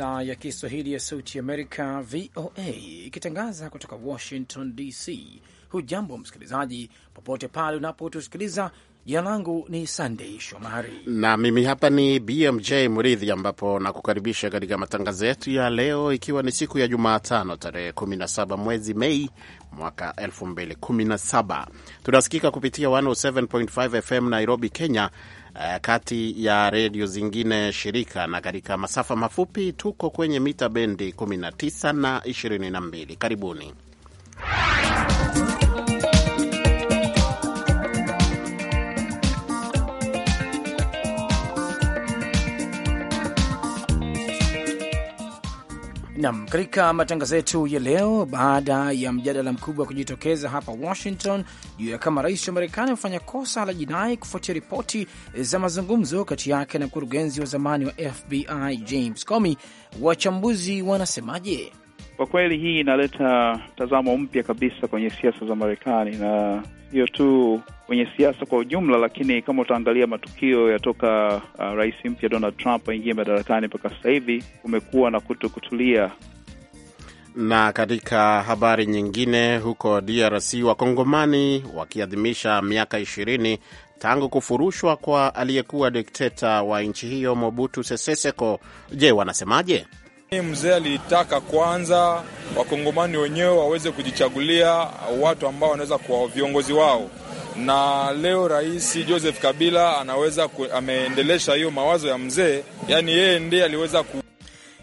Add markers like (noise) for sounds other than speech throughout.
idhaa ya Kiswahili ya Sauti Amerika, VOA, ikitangaza kutoka Washington DC. Hujambo msikilizaji, popote pale unapotusikiliza. Jina langu ni Sandei Shomari na mimi hapa ni BMJ Mridhi, ambapo nakukaribisha katika matangazo yetu ya leo, ikiwa ni siku ya Jumatano tarehe 17 mwezi Mei mwaka 2017. Tunasikika kupitia 107.5 FM Nairobi, Kenya uh, kati ya redio zingine shirika, na katika masafa mafupi tuko kwenye mita bendi 19 na 22. Karibuni Nam, katika matangazo yetu ya leo, baada ya mjadala mkubwa kujitokeza hapa Washington juu ya kama rais wa Marekani amefanya kosa la jinai kufuatia ripoti za mazungumzo kati yake na mkurugenzi wa zamani wa FBI James Comey, wachambuzi wanasemaje? Kwa kweli hii inaleta mtazamo mpya kabisa kwenye siasa za Marekani na sio tu kwenye siasa kwa ujumla, lakini kama utaangalia matukio ya toka uh, rais mpya Donald Trump aingie madarakani mpaka sasa hivi kumekuwa na kuto kutulia. Na katika habari nyingine, huko DRC wakongomani wakiadhimisha miaka ishirini tangu kufurushwa kwa aliyekuwa dikteta wa nchi hiyo Mobutu Sese Seko. Je, wanasemaje? Mzee alitaka kwanza wakongomani wenyewe waweze kujichagulia watu ambao wanaweza kuwa viongozi wao, na leo Rais Joseph Kabila anaweza ku, ameendelesha hiyo mawazo ya mzee, yaani yeye ndiye aliweza ku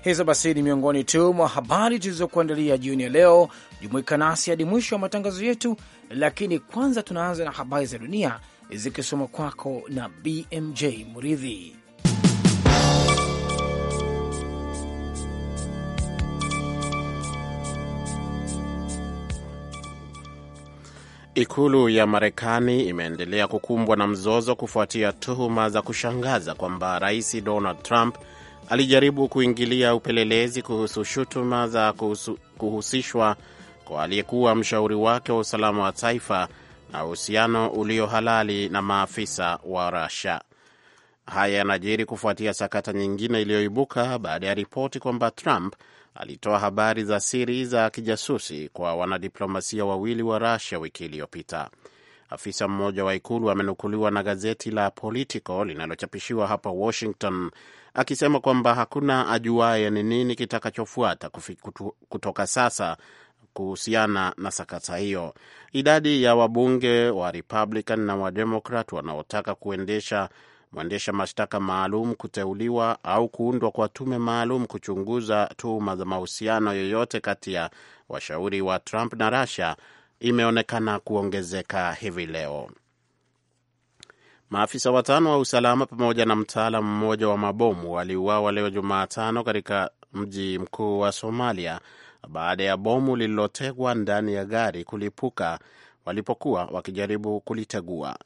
hizo basi ni miongoni tu mwa habari tulizokuandalia jioni ya leo. Jumuika nasi hadi mwisho wa matangazo yetu, lakini kwanza tunaanza na habari za dunia zikisoma kwako na BMJ Muridhi. Ikulu ya Marekani imeendelea kukumbwa na mzozo kufuatia tuhuma za kushangaza kwamba Rais Donald Trump alijaribu kuingilia upelelezi kuhusu shutuma za kuhusu, kuhusishwa kwa aliyekuwa mshauri wake wa usalama wa taifa na uhusiano ulio halali na maafisa wa rusia Haya yanajiri kufuatia sakata nyingine iliyoibuka baada ya ripoti kwamba Trump alitoa habari za siri za kijasusi kwa wanadiplomasia wawili wa rusia wiki iliyopita. Afisa mmoja wa ikulu amenukuliwa na gazeti la Politico linalochapishiwa hapa Washington akisema kwamba hakuna ajuaye ni nini kitakachofuata kutoka sasa kuhusiana na sakata hiyo. Idadi ya wabunge wa Republican na Wademokrat wanaotaka kuendesha mwendesha mashtaka maalum kuteuliwa au kuundwa kwa tume maalum kuchunguza tuhuma za mahusiano yoyote kati ya washauri wa Trump na Russia imeonekana kuongezeka hivi leo. Maafisa watano wa usalama pamoja na mtaalam mmoja wa mabomu waliuawa leo Jumatano katika mji mkuu wa Somalia baada ya bomu lililotegwa ndani ya gari kulipuka walipokuwa wakijaribu kulitegua.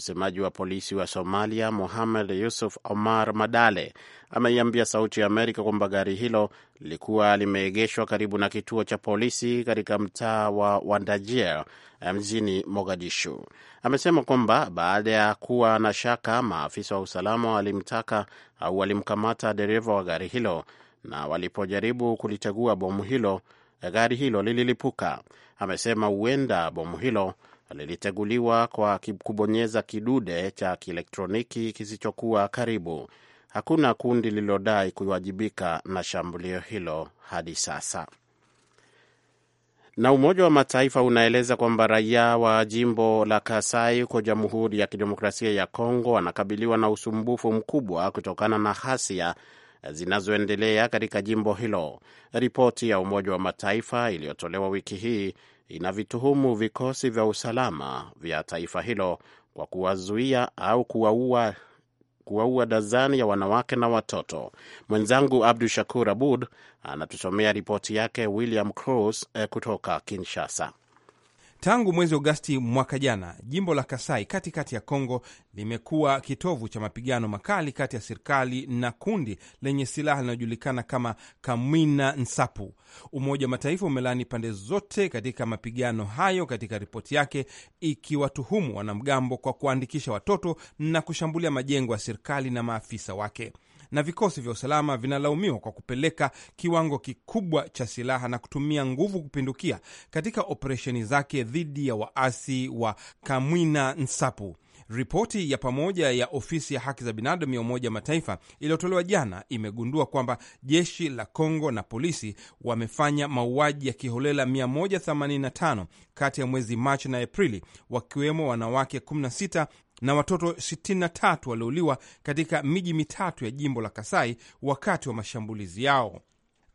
Msemaji wa polisi wa Somalia Mohamed Yusuf Omar Madale ameiambia Sauti ya Amerika kwamba gari hilo lilikuwa limeegeshwa karibu na kituo cha polisi katika mtaa wa Wandajir eh, mjini Mogadishu. Amesema kwamba baada ya kuwa na shaka, maafisa wa usalama walimtaka au walimkamata dereva wa gari hilo, na walipojaribu kulitegua bomu hilo, eh, gari hilo lililipuka. Amesema huenda bomu hilo liliteguliwa kwa kubonyeza kidude cha kielektroniki kisichokuwa karibu. Hakuna kundi lililodai kuwajibika na shambulio hilo hadi sasa. Na Umoja wa Mataifa unaeleza kwamba raia wa jimbo la Kasai huko Jamhuri ya Kidemokrasia ya Kongo wanakabiliwa na usumbufu mkubwa kutokana na hasia zinazoendelea katika jimbo hilo. Ripoti ya Umoja wa Mataifa iliyotolewa wiki hii inavituhumu vikosi vya usalama vya taifa hilo kwa kuwazuia au kuwaua kuwaua dazani ya wanawake na watoto. Mwenzangu Abdu Shakur Abud anatusomea ripoti yake William Cross eh, kutoka Kinshasa. Tangu mwezi Agosti mwaka jana, jimbo la Kasai katikati kati ya Kongo limekuwa kitovu cha mapigano makali kati ya serikali na kundi lenye silaha linalojulikana kama Kamwina Nsapu. Umoja wa Mataifa umelaani pande zote katika mapigano hayo katika ripoti yake, ikiwatuhumu wanamgambo kwa kuandikisha watoto na kushambulia majengo ya serikali na maafisa wake na vikosi vya usalama vinalaumiwa kwa kupeleka kiwango kikubwa cha silaha na kutumia nguvu kupindukia katika operesheni zake dhidi ya waasi wa Kamwina Nsapu. Ripoti ya pamoja ya ofisi ya haki za binadamu ya Umoja Mataifa iliyotolewa jana imegundua kwamba jeshi la Kongo na polisi wamefanya mauaji ya kiholela 185 kati ya mwezi Machi na Aprili, wakiwemo wanawake 16 na watoto 63 waliouliwa katika miji mitatu ya jimbo la Kasai wakati wa mashambulizi yao.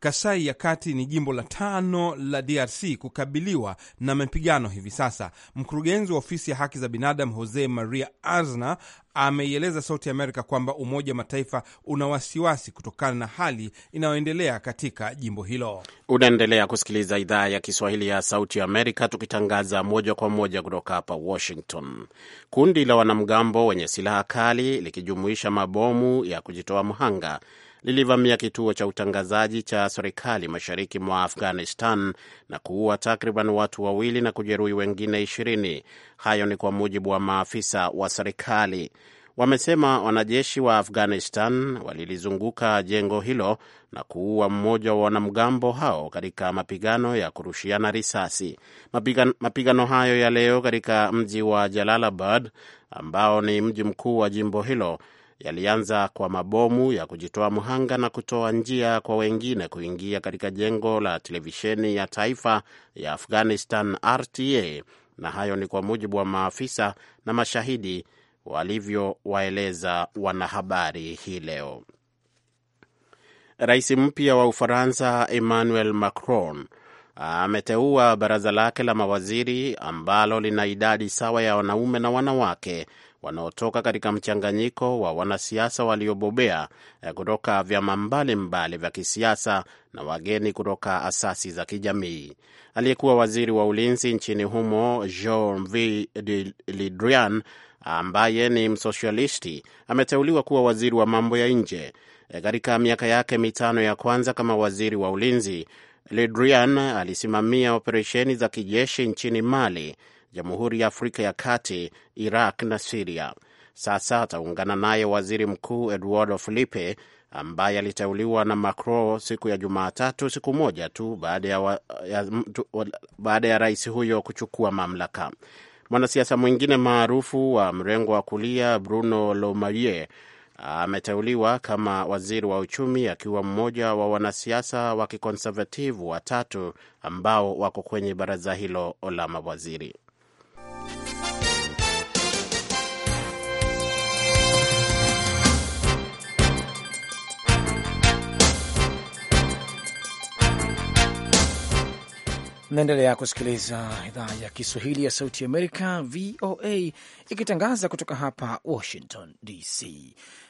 Kasai ya Kati ni jimbo la tano la DRC kukabiliwa na mapigano hivi sasa. Mkurugenzi wa ofisi ya haki za binadamu Jose Maria arzna ameieleza Sauti Amerika kwamba Umoja wa Mataifa una wasiwasi kutokana na hali inayoendelea katika jimbo hilo. Unaendelea kusikiliza idhaa ya Kiswahili ya Sauti Amerika, tukitangaza moja kwa moja kutoka hapa Washington. Kundi la wanamgambo wenye silaha kali likijumuisha mabomu ya kujitoa mhanga lilivamia kituo cha utangazaji cha serikali mashariki mwa Afghanistan na kuua takriban watu wawili na kujeruhi wengine ishirini. Hayo ni kwa mujibu wa maafisa wa serikali. Wamesema wanajeshi wa Afghanistan walilizunguka jengo hilo na kuua mmoja wa wanamgambo hao katika mapigano ya kurushiana risasi. Mapigano, mapigano hayo ya leo katika mji wa Jalalabad ambao ni mji mkuu wa jimbo hilo yalianza kwa mabomu ya kujitoa mhanga na kutoa njia kwa wengine kuingia katika jengo la televisheni ya taifa ya Afghanistan RTA, na hayo ni kwa mujibu wa maafisa na mashahidi walivyowaeleza wanahabari hii leo. Rais mpya wa Ufaransa Emmanuel Macron ameteua baraza lake la mawaziri ambalo lina idadi sawa ya wanaume na wanawake wanaotoka katika mchanganyiko wa wanasiasa waliobobea eh, kutoka vyama mbalimbali vya kisiasa na wageni kutoka asasi za kijamii. Aliyekuwa waziri wa ulinzi nchini humo Jean V Le Drian, ambaye ni msosialisti, ameteuliwa kuwa waziri wa mambo ya nje. Eh, katika miaka yake mitano ya kwanza kama waziri wa ulinzi, Le Drian alisimamia operesheni za kijeshi nchini Mali Jamhuri ya Afrika ya Kati, Iraq na Siria. Sasa ataungana naye waziri mkuu Eduardo Filipe ambaye aliteuliwa na Macron siku ya Jumatatu, siku moja tu baada ya, ya, baada ya rais huyo kuchukua mamlaka. Mwanasiasa mwingine maarufu wa mrengo wa kulia Bruno lomaye ameteuliwa kama waziri wa uchumi akiwa mmoja wa wanasiasa wa kikonservativu watatu ambao wako kwenye baraza hilo la mawaziri. Naendelea kusikiliza idhaa ya Kiswahili ya Sauti Amerika, VOA, ikitangaza kutoka hapa Washington DC.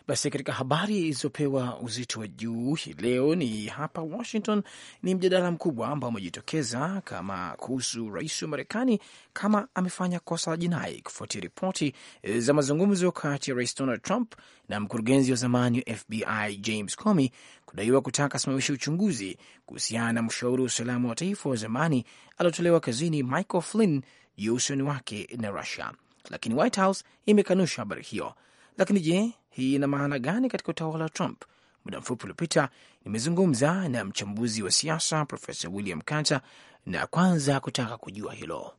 Basi katika habari ilizopewa uzito wa juu hii leo ni hapa Washington, ni mjadala mkubwa ambao umejitokeza kama kuhusu rais wa Marekani kama amefanya kosa la jinai kufuatia ripoti za mazungumzo kati ya Rais Donald Trump na mkurugenzi wa zamani wa FBI James Comey kudaiwa kutaka asimamishe uchunguzi kuhusiana na mshauri wa usalama wa taifa wa zamani aliotolewa kazini Michael Flynn juu ya uhusiani wake na Russia, lakini White House imekanusha habari hiyo. Lakini je, hii ina maana gani katika utawala wa Trump? Muda mfupi uliopita nimezungumza na mchambuzi wa siasa Profesa William Carter na kwanza kutaka kujua hilo.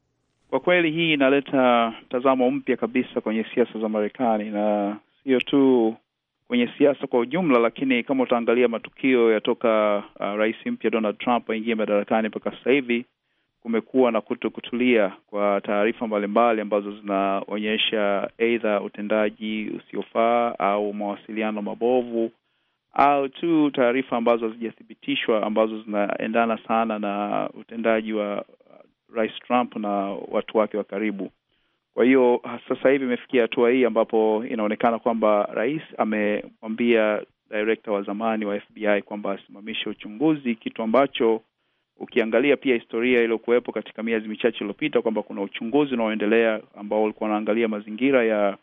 Kwa kweli hii inaleta mtazamo mpya kabisa kwenye siasa za Marekani na sio tu kwenye siasa kwa ujumla, lakini kama utaangalia matukio ya toka uh, rais mpya Donald Trump aingie madarakani mpaka sasa hivi kumekuwa na kuto kutulia kwa taarifa mbalimbali ambazo zinaonyesha aidha utendaji usiofaa au mawasiliano mabovu au tu taarifa ambazo hazijathibitishwa ambazo zinaendana sana na utendaji wa uh, Rais Trump na watu wake wa karibu. Kwa hiyo sasa hivi imefikia hatua hii ambapo inaonekana kwamba rais amemwambia direkta wa zamani wa FBI kwamba asimamishe uchunguzi, kitu ambacho ukiangalia pia historia iliyokuwepo katika miezi michache iliyopita kwamba kuna uchunguzi unaoendelea ambao ulikuwa unaangalia mazingira ya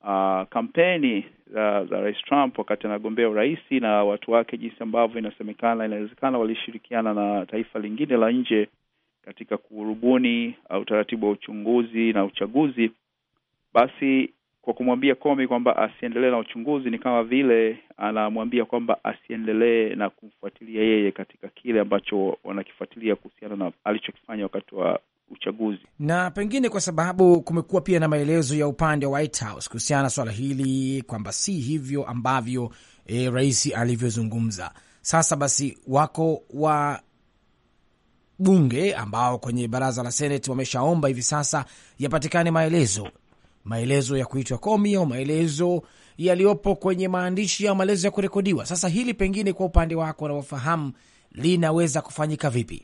uh, kampeni za, za rais Trump wakati anagombea urais na watu wake, jinsi ambavyo inasemekana inawezekana walishirikiana na taifa lingine la nje katika kurubuni uh, utaratibu wa uchunguzi na uchaguzi, basi kwa kumwambia Comey kwamba asiendelee na uchunguzi ni kama vile anamwambia kwamba asiendelee na kumfuatilia yeye katika kile ambacho wanakifuatilia kuhusiana na alichokifanya wakati wa uchaguzi. Na pengine kwa sababu kumekuwa pia na maelezo ya upande wa White House kuhusiana na swala hili kwamba si hivyo ambavyo e, rais alivyozungumza. Sasa basi wako wa bunge ambao kwenye baraza la seneti wameshaomba hivi sasa yapatikane maelezo, maelezo ya kuitwa komi au maelezo yaliyopo kwenye maandishi au maelezo ya kurekodiwa. Sasa hili pengine, kwa upande wako unaofahamu, linaweza kufanyika vipi?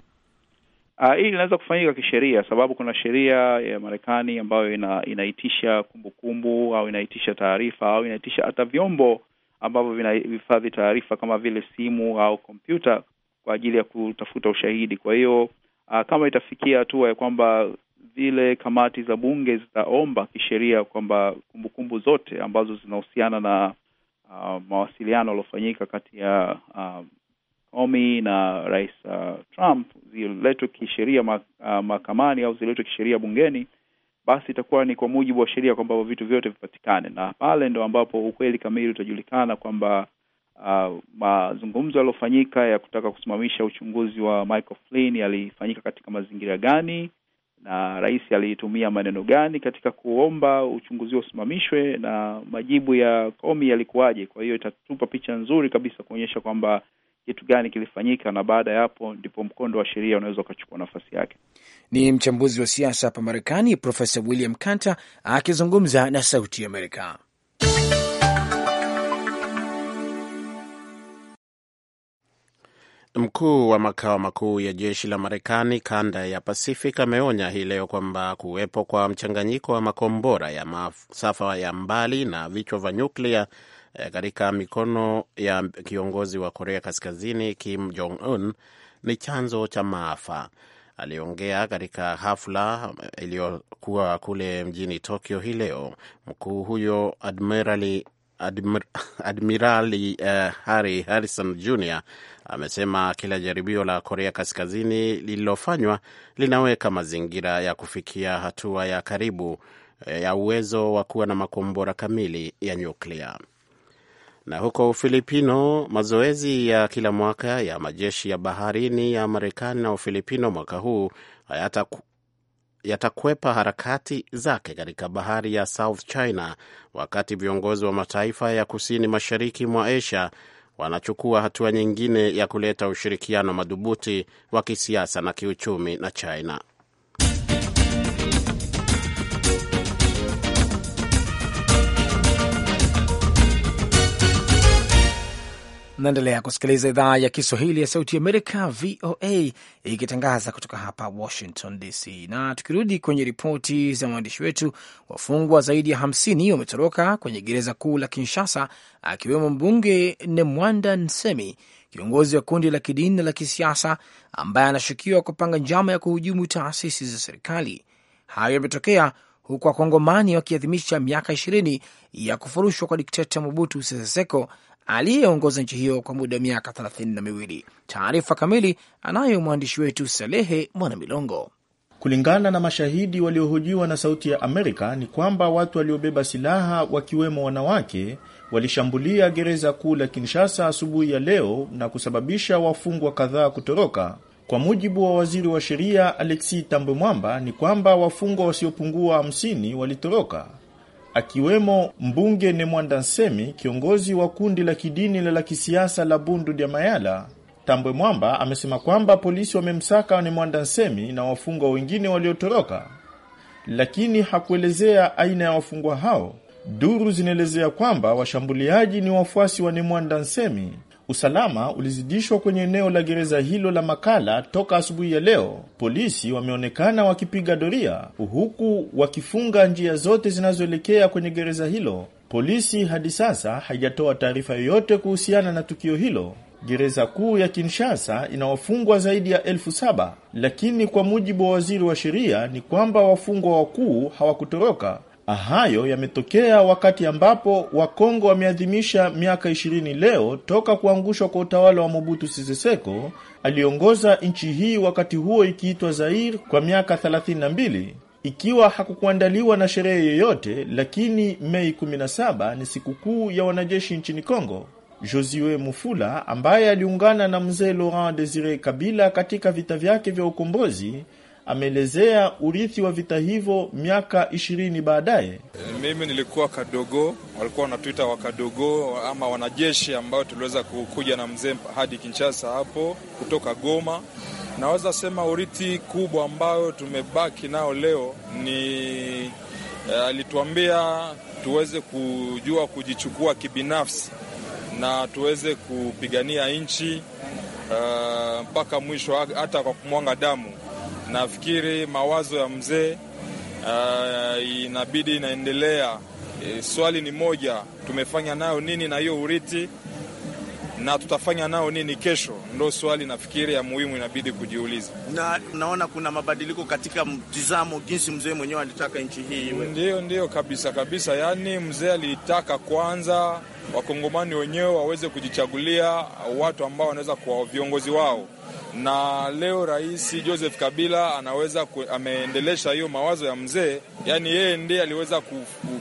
Uh, ah, hii linaweza kufanyika kisheria, sababu kuna sheria ya Marekani ambayo ina, inaitisha kumbukumbu au inaitisha taarifa au inaitisha hata vyombo ambavyo vinahifadhi taarifa kama vile simu au kompyuta kwa ajili ya kutafuta ushahidi. Kwa hiyo uh, kama itafikia hatua ya kwamba zile kamati za bunge zitaomba kisheria kwamba kumbukumbu zote ambazo zinahusiana na uh, mawasiliano yaliyofanyika kati ya uh, ah, Comey na Rais uh, Trump ziletwe kisheria mahakamani uh, au ziletwe kisheria bungeni, basi itakuwa ni kwa mujibu wa sheria kwamba vitu vyote vipatikane, na pale ndo ambapo ukweli kamili utajulikana kwamba Uh, mazungumzo yaliyofanyika ya kutaka kusimamisha uchunguzi wa Michael Flynn yalifanyika katika mazingira gani, na rais alitumia maneno gani katika kuomba uchunguzi usimamishwe, na majibu ya Comey yalikuwaje? Kwa hiyo itatupa picha nzuri kabisa kuonyesha kwamba kitu gani kilifanyika, na baada ya hapo ndipo mkondo wa sheria unaweza ukachukua nafasi yake. Ni mchambuzi wa siasa hapa Marekani, Profesa William Kanta akizungumza na Sauti ya Amerika. Mkuu wa makao makuu ya jeshi la Marekani kanda ya Pacific ameonya hii leo kwamba kuwepo kwa mchanganyiko wa makombora ya masafa ya mbali na vichwa vya nyuklia eh, katika mikono ya kiongozi wa Korea Kaskazini Kim Jong Un ni chanzo cha maafa. Aliongea katika hafla eh, iliyokuwa kule mjini Tokyo hii leo. Mkuu huyo Admirali (laughs) Admirali uh, Harry Harrison Jr amesema kila jaribio la Korea Kaskazini lililofanywa linaweka mazingira ya kufikia hatua ya karibu eh, ya uwezo wa kuwa na makombora kamili ya nyuklia. Na huko Ufilipino, mazoezi ya kila mwaka ya majeshi ya baharini ya Marekani na Ufilipino mwaka huu yatakwepa harakati zake katika bahari ya South China wakati viongozi wa mataifa ya kusini mashariki mwa Asia wanachukua hatua nyingine ya kuleta ushirikiano madhubuti wa kisiasa na kiuchumi na China. Mnaendelea kusikiliza idhaa ya Kiswahili ya Sauti Amerika, VOA, ikitangaza kutoka hapa Washington DC. Na tukirudi kwenye ripoti za mwandishi wetu, wafungwa zaidi ya 50 wametoroka kwenye gereza kuu la Kinshasa, akiwemo mbunge Nemwanda Nsemi, kiongozi wa kundi la kidini na la kisiasa ambaye anashukiwa kupanga njama ya kuhujumu taasisi za serikali. Hayo yametokea huku wakongomani wakiadhimisha miaka 20 ya kufurushwa kwa dikteta Mobutu Sese Seko aliyeongoza nchi hiyo kwa muda wa miaka thelathini na miwili. Taarifa kamili anayo mwandishi wetu Salehe Mwanamilongo. Kulingana na mashahidi waliohojiwa na Sauti ya Amerika ni kwamba watu waliobeba silaha wakiwemo wanawake walishambulia gereza kuu la Kinshasa asubuhi ya leo na kusababisha wafungwa kadhaa kutoroka. Kwa mujibu wa waziri wa sheria Alexis Tambwe Mwamba, ni kwamba wafungwa wasiopungua 50 walitoroka akiwemo mbunge Nemwanda Nsemi, kiongozi wa kundi la kidini la la kisiasa la Bundu Dya Mayala. Tambwe Mwamba amesema kwamba polisi wamemsaka Nemwanda Nsemi na wafungwa wengine waliotoroka, lakini hakuelezea aina ya wafungwa hao. Duru zinaelezea kwamba washambuliaji ni wafuasi wa Nemwanda Nsemi Usalama ulizidishwa kwenye eneo la gereza hilo la Makala toka asubuhi ya leo. Polisi wameonekana wakipiga doria huku wakifunga njia zote zinazoelekea kwenye gereza hilo. Polisi hadi sasa haijatoa taarifa yoyote kuhusiana na tukio hilo. Gereza kuu ya Kinshasa ina wafungwa zaidi ya elfu saba lakini kwa mujibu wa waziri wa sheria ni kwamba wafungwa wakuu hawakutoroka. Hayo yametokea wakati ambapo Wakongo wameadhimisha miaka 20 leo toka kuangushwa kwa utawala wa Mobutu Sese Seko aliongoza nchi hii wakati huo ikiitwa zair kwa miaka 32 ikiwa hakukuandaliwa na sherehe yoyote, lakini Mei 17 ni sikukuu ya wanajeshi nchini Kongo. Josue Mufula ambaye aliungana na mzee Laurent Desire Kabila katika vita vyake vya ukombozi ameelezea urithi wa vita hivyo miaka ishirini baadaye. Mimi nilikuwa Kadogo, walikuwa wanatuita Wakadogo ama wanajeshi ambao tuliweza kukuja na mzee hadi Kinshasa hapo kutoka Goma. Naweza sema urithi kubwa ambayo tumebaki nao leo ni eh, alituambia tuweze kujua kujichukua kibinafsi na tuweze kupigania nchi eh, mpaka uh, mwisho hata kwa kumwanga damu. Nafikiri mawazo ya mzee uh, inabidi inaendelea. E, swali ni moja, tumefanya nayo nini na hiyo urithi na tutafanya nao nini kesho? Ndo swali nafikiri ya muhimu inabidi kujiuliza, na naona kuna mabadiliko katika mtizamo jinsi mzee mwenyewe alitaka nchi hii iwe. Ndio, kabisa kabisa. Yaani mzee alitaka kwanza wakongomani wenyewe waweze kujichagulia watu ambao wanaweza kuwa viongozi wao na leo Rais Joseph Kabila anaweza ku, ameendelesha hiyo mawazo ya mzee, yaani yeye ndiye aliweza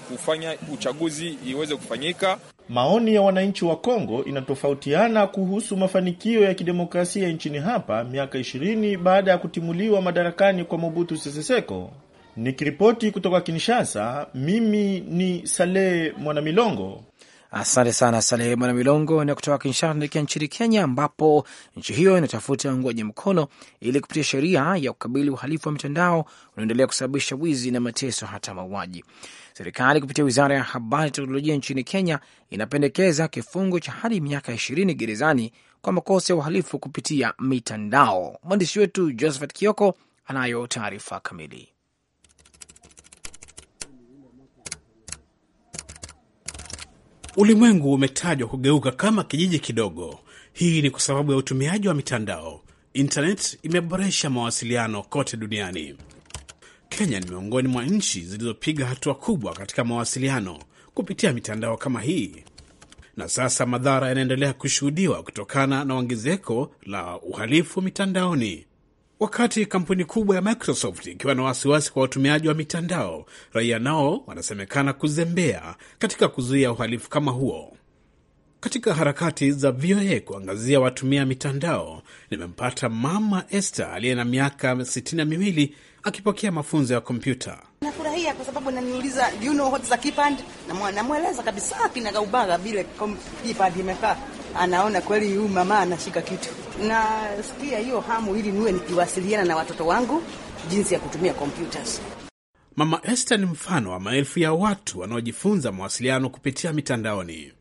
kufanya uchaguzi iweze kufanyika. Maoni ya wananchi wa Kongo inatofautiana kuhusu mafanikio ya kidemokrasia nchini hapa miaka 20 baada ya kutimuliwa madarakani kwa Mobutu Sese Seko. Nikiripoti kutoka Kinshasa, mimi ni Saleh Mwanamilongo. Asante sana Salehe Mwana Milongo. Na kutoka Kinshasa naelekea nchini Kenya, ambapo nchi hiyo inatafuta uungwaji mkono ili kupitia sheria ya kukabili uhalifu wa mitandao unaoendelea kusababisha wizi na mateso, hata mauaji. Serikali kupitia wizara ya habari na teknolojia nchini Kenya inapendekeza kifungo cha hadi miaka ishirini gerezani kwa makosa ya uhalifu kupitia mitandao. Mwandishi wetu Josephat Kioko anayo taarifa kamili. Ulimwengu umetajwa kugeuka kama kijiji kidogo. Hii ni kwa sababu ya utumiaji wa mitandao. Internet imeboresha mawasiliano kote duniani. Kenya ni miongoni mwa nchi zilizopiga hatua kubwa katika mawasiliano kupitia mitandao kama hii, na sasa madhara yanaendelea kushuhudiwa kutokana na ongezeko la uhalifu mitandaoni. Wakati kampuni kubwa ya Microsoft ikiwa na wasiwasi kwa watumiaji wa mitandao, raia nao wanasemekana kuzembea katika kuzuia uhalifu kama huo. Katika harakati za VOA kuangazia watumia mitandao, nimempata Mama Esther aliye na miaka sitini na miwili akipokea mafunzo ya kompyuta. Nafurahia kwa sababu naniuliza, you know a keypad? Namweleza kabisa ah, kinagaubaga vile keypad imekaa anaona kweli huyu mama anashika kitu. Nasikia hiyo hamu ili niwe nikiwasiliana na watoto wangu jinsi ya kutumia computers. Mama Esther ni mfano wa maelfu ya watu wanaojifunza mawasiliano kupitia mitandaoni,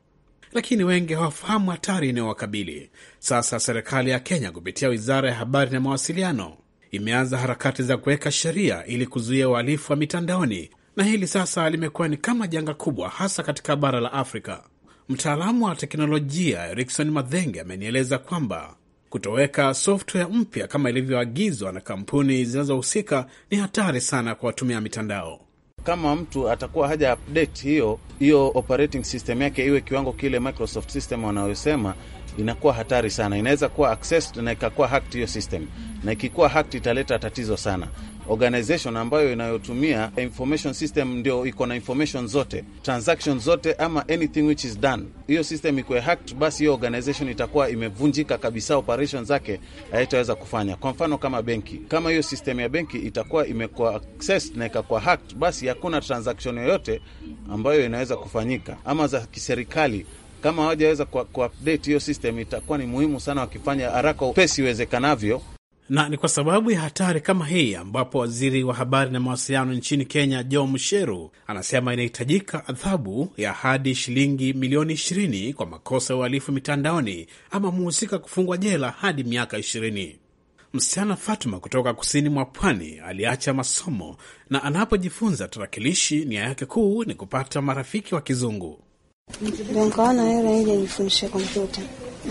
lakini wengi hawafahamu hatari inayowakabili. Sasa serikali ya Kenya kupitia wizara ya habari na mawasiliano imeanza harakati za kuweka sheria ili kuzuia uhalifu wa mitandaoni, na hili sasa limekuwa ni kama janga kubwa, hasa katika bara la Afrika. Mtaalamu wa teknolojia Erikson Madhenge amenieleza kwamba kutoweka software mpya kama ilivyoagizwa na kampuni zinazohusika ni hatari sana kwa watumia mitandao. Kama mtu atakuwa haja update hiyo hiyo operating system yake iwe kiwango kile Microsoft system wanayosema, inakuwa hatari sana. Inaweza kuwa accessed na ikakuwa hacked hiyo system, na ikikuwa hacked italeta tatizo sana organization ambayo inayotumia information system ndio iko na information zote transaction zote ama anything which is done. Hiyo system ikuwe hacked, basi hiyo organization itakuwa imevunjika kabisa, operation zake haitaweza kufanya. Kwa mfano kama benki, kama hiyo system ya benki itakuwa imekuwa access na ikakuwa hacked, basi hakuna transaction yoyote ambayo inaweza kufanyika. Ama za kiserikali kama hawajaweza ku update hiyo system, itakuwa ni muhimu sana wakifanya haraka upesi iwezekanavyo na ni kwa sababu ya hatari kama hii ambapo waziri wa habari na mawasiliano nchini Kenya, Joe msheru anasema inahitajika adhabu ya hadi shilingi milioni 20 kwa makosa ya uhalifu mitandaoni ama muhusika kufungwa jela hadi miaka 20. Msichana fatma kutoka kusini mwa pwani aliacha masomo na anapojifunza tarakilishi, nia yake kuu ni kupata marafiki wa kizungu. Nikaona kompyuta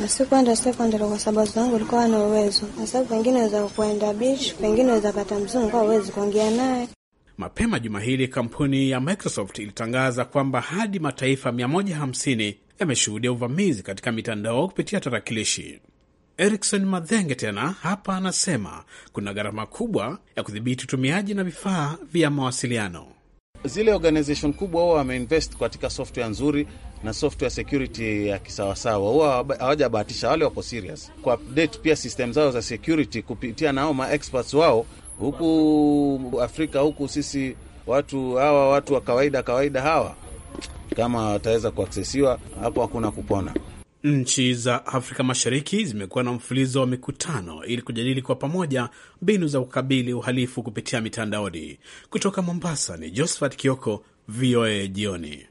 na sikuenda sekondari kwa sababu zangu walikuwa wana uwezo, kwa sababu pengine waweza kuenda beach, pengine waweza pata mzungu kwa uwezi kuongea naye. Mapema juma hili kampuni ya Microsoft ilitangaza kwamba hadi mataifa 150 yameshuhudia uvamizi katika mitandao kupitia tarakilishi. Erikson Madhenge tena hapa anasema kuna gharama kubwa ya kudhibiti utumiaji na vifaa vya mawasiliano. Zile organization kubwa wao wameinvest katika software nzuri na software security ya kisawasawa, huwa hawajabahatisha. Wale wako serious kwa update pia system zao za security kupitia nao ma experts wao huku Afrika, huku sisi watu hawa watu wa kawaida kawaida hawa kama wataweza kuaksesiwa hapo, hakuna kupona. Nchi za Afrika Mashariki zimekuwa na mfulizo wa mikutano ili kujadili kwa pamoja mbinu za kukabili uhalifu kupitia mitandaoni. Kutoka Mombasa ni Josephat Kioko, VOA Jioni.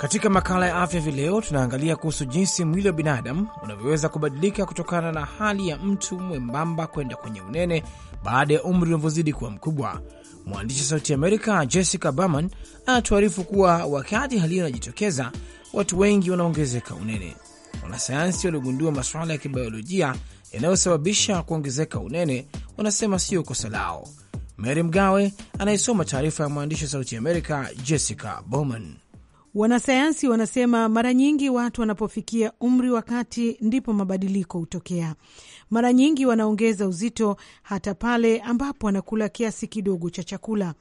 Katika makala ya afya hivi leo tunaangalia kuhusu jinsi mwili wa binadamu unavyoweza kubadilika kutokana na hali ya mtu mwembamba kwenda kwenye unene baada ya umri unavyozidi kuwa mkubwa. Mwandishi wa Sauti Amerika Jessica Berman anatuarifu kuwa wakati hali hiyo inajitokeza, watu wengi wanaongezeka unene. Wanasayansi waliogundua masuala ya kibiolojia yanayosababisha kuongezeka unene wanasema sio kosa lao. Mary Mgawe anayesoma taarifa ya mwandishi wa Sauti Amerika Jessica Berman. Wanasayansi wanasema mara nyingi watu wanapofikia umri wa kati ndipo mabadiliko hutokea. Mara nyingi wanaongeza uzito hata pale ambapo wanakula kiasi kidogo cha chakula.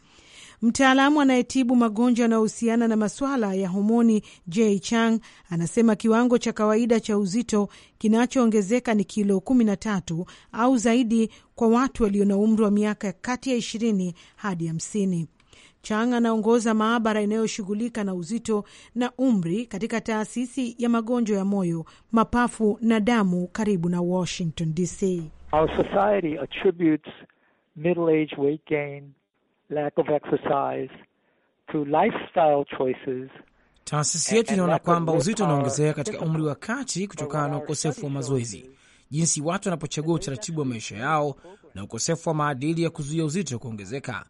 Mtaalamu anayetibu magonjwa yanayohusiana na masuala ya homoni J Chang anasema kiwango cha kawaida cha uzito kinachoongezeka ni kilo kumi na tatu au zaidi kwa watu walio na umri wa miaka kati ya ishirini hadi hamsini. Chang anaongoza maabara inayoshughulika na uzito na umri katika taasisi ya magonjwa ya moyo, mapafu na damu karibu na Washington DC. Our society attributes middle age weight gain, lack of exercise to lifestyle choices. Taasisi yetu inaona kwamba uzito unaongezeka katika umri wa kati kutokana na ukosefu wa mazoezi, jinsi watu wanapochagua utaratibu wa maisha yao na ukosefu wa maadili ya kuzuia uzito kuongezeka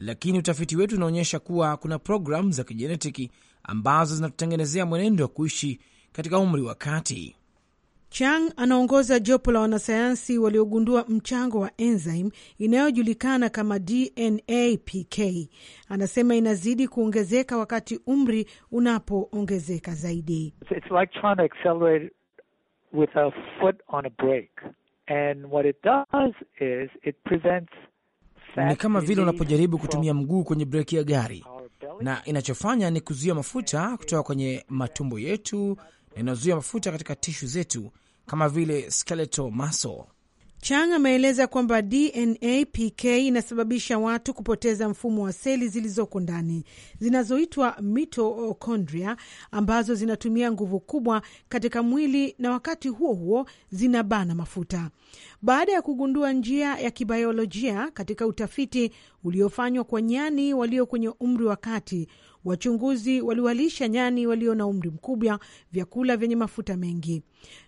lakini utafiti wetu unaonyesha kuwa kuna programu za kijenetiki ambazo zinatutengenezea mwenendo wa kuishi katika umri wa kati. Chang anaongoza jopo la wanasayansi waliogundua mchango wa enzyme inayojulikana kama DNA PK. Anasema inazidi kuongezeka wakati umri unapoongezeka zaidi. It's like trying to accelerate with a foot on a brake. And what it does is it prevents ni kama vile unapojaribu kutumia mguu kwenye breki ya gari, na inachofanya ni kuzuia mafuta kutoka kwenye matumbo yetu, na inazuia mafuta katika tishu zetu kama vile skeletal muscle. Chang ameeleza kwamba DNA PK inasababisha watu kupoteza mfumo wa seli zilizoko ndani zinazoitwa mitokondria ambazo zinatumia nguvu kubwa katika mwili na wakati huo huo zinabana mafuta. Baada ya kugundua njia ya kibiolojia katika utafiti uliofanywa kwa nyani walio kwenye umri wa kati Wachunguzi waliwalisha nyani walio na umri mkubwa vyakula vyenye mafuta mengi.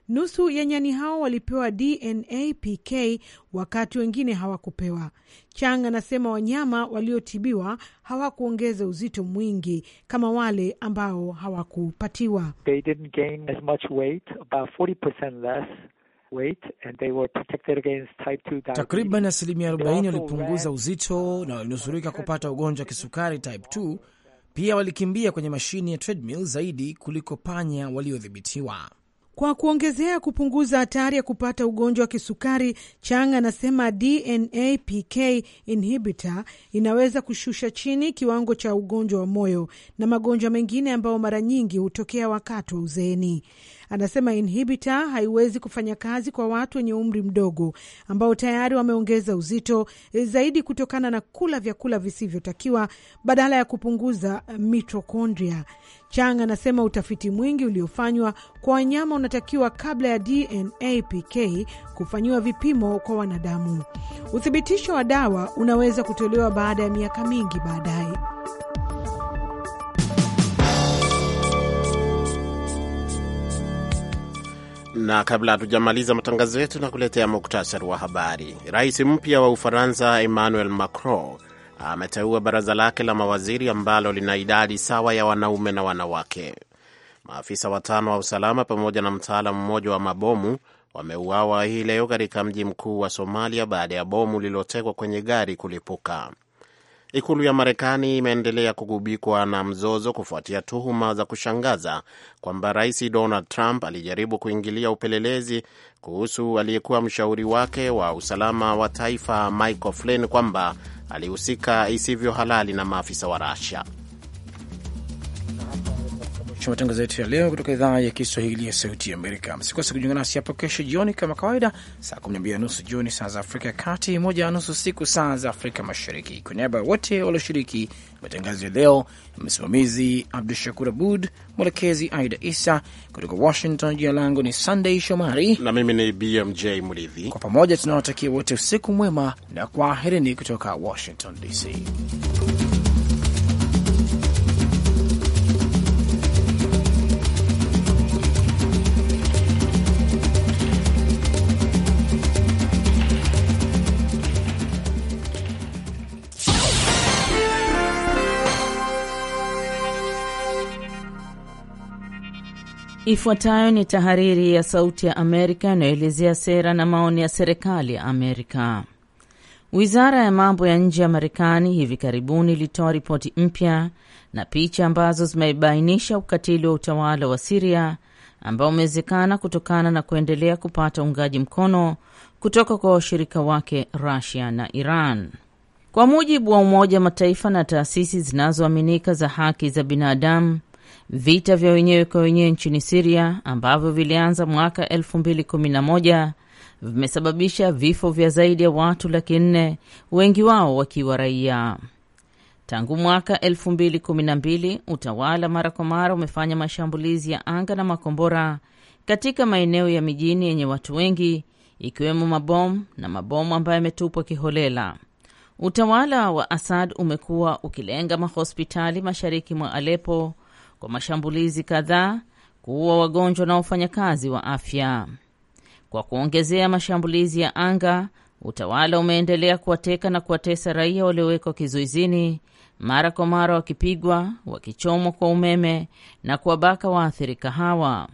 Nusu ya nyani hao walipewa DNA PK, wakati wengine hawakupewa. Chang anasema wanyama waliotibiwa hawakuongeza uzito mwingi kama wale ambao hawakupatiwa. They didn't gain as much weight, about 40% less. Takriban asilimia 40 walipunguza uzito na walinusurika kupata ugonjwa wa kisukari type 2 pia walikimbia kwenye mashine ya treadmill zaidi kuliko panya waliodhibitiwa. Kwa kuongezea kupunguza hatari ya kupata ugonjwa wa kisukari, Chang anasema DNA PK inhibitor inaweza kushusha chini kiwango cha ugonjwa wa moyo na magonjwa mengine ambayo mara nyingi hutokea wakati wa uzeeni. Anasema inhibita haiwezi kufanya kazi kwa watu wenye umri mdogo ambao tayari wameongeza uzito e, zaidi kutokana na kula vyakula visivyotakiwa badala ya kupunguza e, mitokondria. Chang anasema utafiti mwingi uliofanywa kwa wanyama unatakiwa kabla ya DNA PK kufanyiwa vipimo kwa wanadamu. Uthibitisho wa dawa unaweza kutolewa baada ya miaka mingi baadaye. Na kabla hatujamaliza matangazo yetu na kuletea muktasari wa habari, rais mpya wa Ufaransa Emmanuel Macron ameteua baraza lake la mawaziri ambalo lina idadi sawa ya wanaume na wanawake. Maafisa watano wa usalama pamoja na mtaalamu mmoja wa mabomu wameuawa hii leo katika mji mkuu wa Somalia baada ya bomu lililotekwa kwenye gari kulipuka. Ikulu ya Marekani imeendelea kugubikwa na mzozo kufuatia tuhuma za kushangaza kwamba Rais Donald Trump alijaribu kuingilia upelelezi kuhusu aliyekuwa mshauri wake wa usalama wa taifa Michael Flynn kwamba alihusika isivyo halali na maafisa wa Russia mwisho matangazo yetu ya leo kutoka idhaa ya Kiswahili ya Sauti ya Amerika. Msikose kujiunga nasi hapo kesho jioni kama kawaida, saa kumi na nusu jioni saa za Afrika ya Kati, moja na nusu siku saa za Afrika Mashariki. Kwa niaba ya wote walioshiriki matangazo ya leo, msimamizi Abdu Shakur Abud, mwelekezi Aida Isa kutoka Washington. Jina langu ni Sandey Shomari na mimi ni BMJ Mridhi. Kwa pamoja tunawatakia wote usiku mwema na kwaherini kutoka Washington DC. Ifuatayo ni tahariri ya Sauti ya Amerika inayoelezea sera na maoni ya serikali ya Amerika. Wizara ya mambo ya nje ya Marekani hivi karibuni ilitoa ripoti mpya na picha ambazo zimebainisha ukatili wa utawala wa Siria ambao umewezekana kutokana na kuendelea kupata uungaji mkono kutoka kwa washirika wake Rusia na Iran. Kwa mujibu wa Umoja wa Mataifa na taasisi zinazoaminika za haki za binadamu, Vita vya wenyewe kwa wenyewe nchini Siria ambavyo vilianza mwaka 2011 vimesababisha vifo vya zaidi ya watu laki nne, wengi wao wakiwa raia. Tangu mwaka 2012 utawala mara kwa mara umefanya mashambulizi ya anga na makombora katika maeneo ya mijini yenye watu wengi ikiwemo mabomu na mabomu ambayo yametupwa kiholela. Utawala wa Asad umekuwa ukilenga mahospitali mashariki mwa Alepo kwa mashambulizi kadhaa, kuua wagonjwa na wafanyakazi wa afya. Kwa kuongezea mashambulizi ya anga, utawala umeendelea kuwateka na kuwatesa raia waliowekwa kizuizini, mara kwa mara wakipigwa, wakichomwa kwa umeme na kuwabaka waathirika hawa.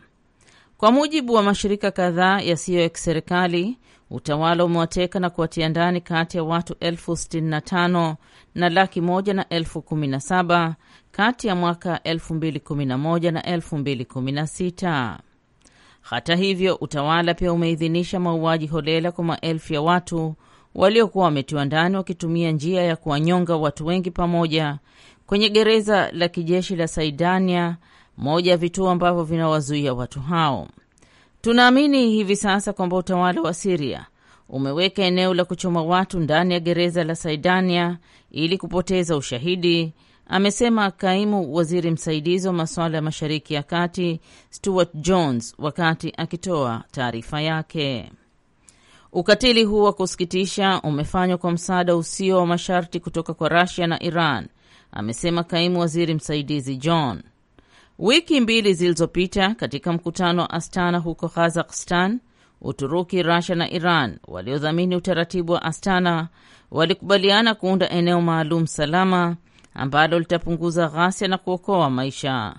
Kwa mujibu wa mashirika kadhaa yasiyo ya kiserikali, utawala umewateka na kuwatia ndani kati ya watu elfu sitini na tano na laki moja na elfu kumi na saba kati ya mwaka 2011 na 2016. Hata hivyo, utawala pia umeidhinisha mauaji holela kwa maelfu ya watu waliokuwa wametiwa ndani wakitumia njia ya kuwanyonga watu wengi pamoja kwenye gereza la kijeshi la Saidania, moja ya vituo ambavyo vinawazuia watu hao. Tunaamini hivi sasa kwamba utawala wa Siria umeweka eneo la kuchoma watu ndani ya gereza la Saidania ili kupoteza ushahidi amesema kaimu waziri msaidizi wa masuala ya Mashariki ya Kati Stuart Jones wakati akitoa taarifa yake. Ukatili huu wa kusikitisha umefanywa kwa msaada usio wa masharti kutoka kwa rasia na Iran, amesema kaimu waziri msaidizi John. Wiki mbili zilizopita katika mkutano wa Astana huko Kazakhstan, Uturuki, Russia na Iran waliodhamini utaratibu wa Astana walikubaliana kuunda eneo maalum salama ambalo litapunguza ghasia na kuokoa maisha.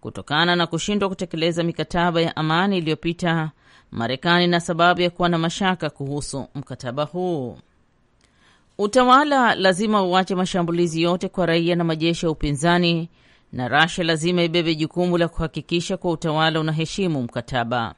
Kutokana na kushindwa kutekeleza mikataba ya amani iliyopita, Marekani ina sababu ya kuwa na mashaka kuhusu mkataba huu. Utawala lazima uache mashambulizi yote kwa raia na majeshi ya upinzani, na rasha lazima ibebe jukumu la kuhakikisha kuwa utawala unaheshimu mkataba,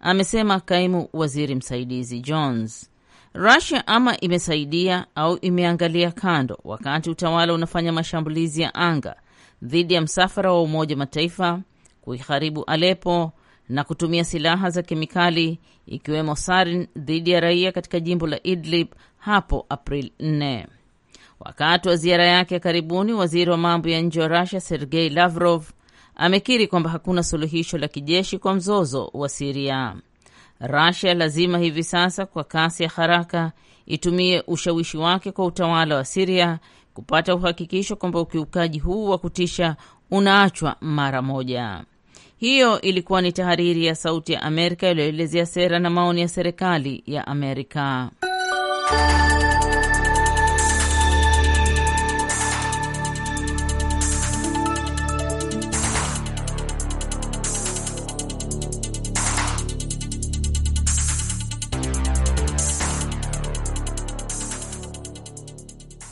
amesema kaimu waziri msaidizi Jones rasia ama imesaidia au imeangalia kando wakati utawala unafanya mashambulizi ya anga dhidi ya msafara wa Umoja Mataifa kuiharibu alepo na kutumia silaha za kemikali ikiwemo sarin dhidi ya raia katika jimbo la Idlib hapo april 4. Wakati wa ziara yake ya karibuni, waziri wa mambo ya nje wa Russia Sergei Lavrov amekiri kwamba hakuna suluhisho la kijeshi kwa mzozo wa Siria rasia lazima hivi sasa kwa kasi ya haraka itumie ushawishi wake kwa utawala wa Siria kupata uhakikisho kwamba ukiukaji huu wa kutisha unaachwa mara moja. Hiyo ilikuwa ni tahariri ya Sauti ya Amerika iliyoelezea sera na maoni ya serikali ya Amerika.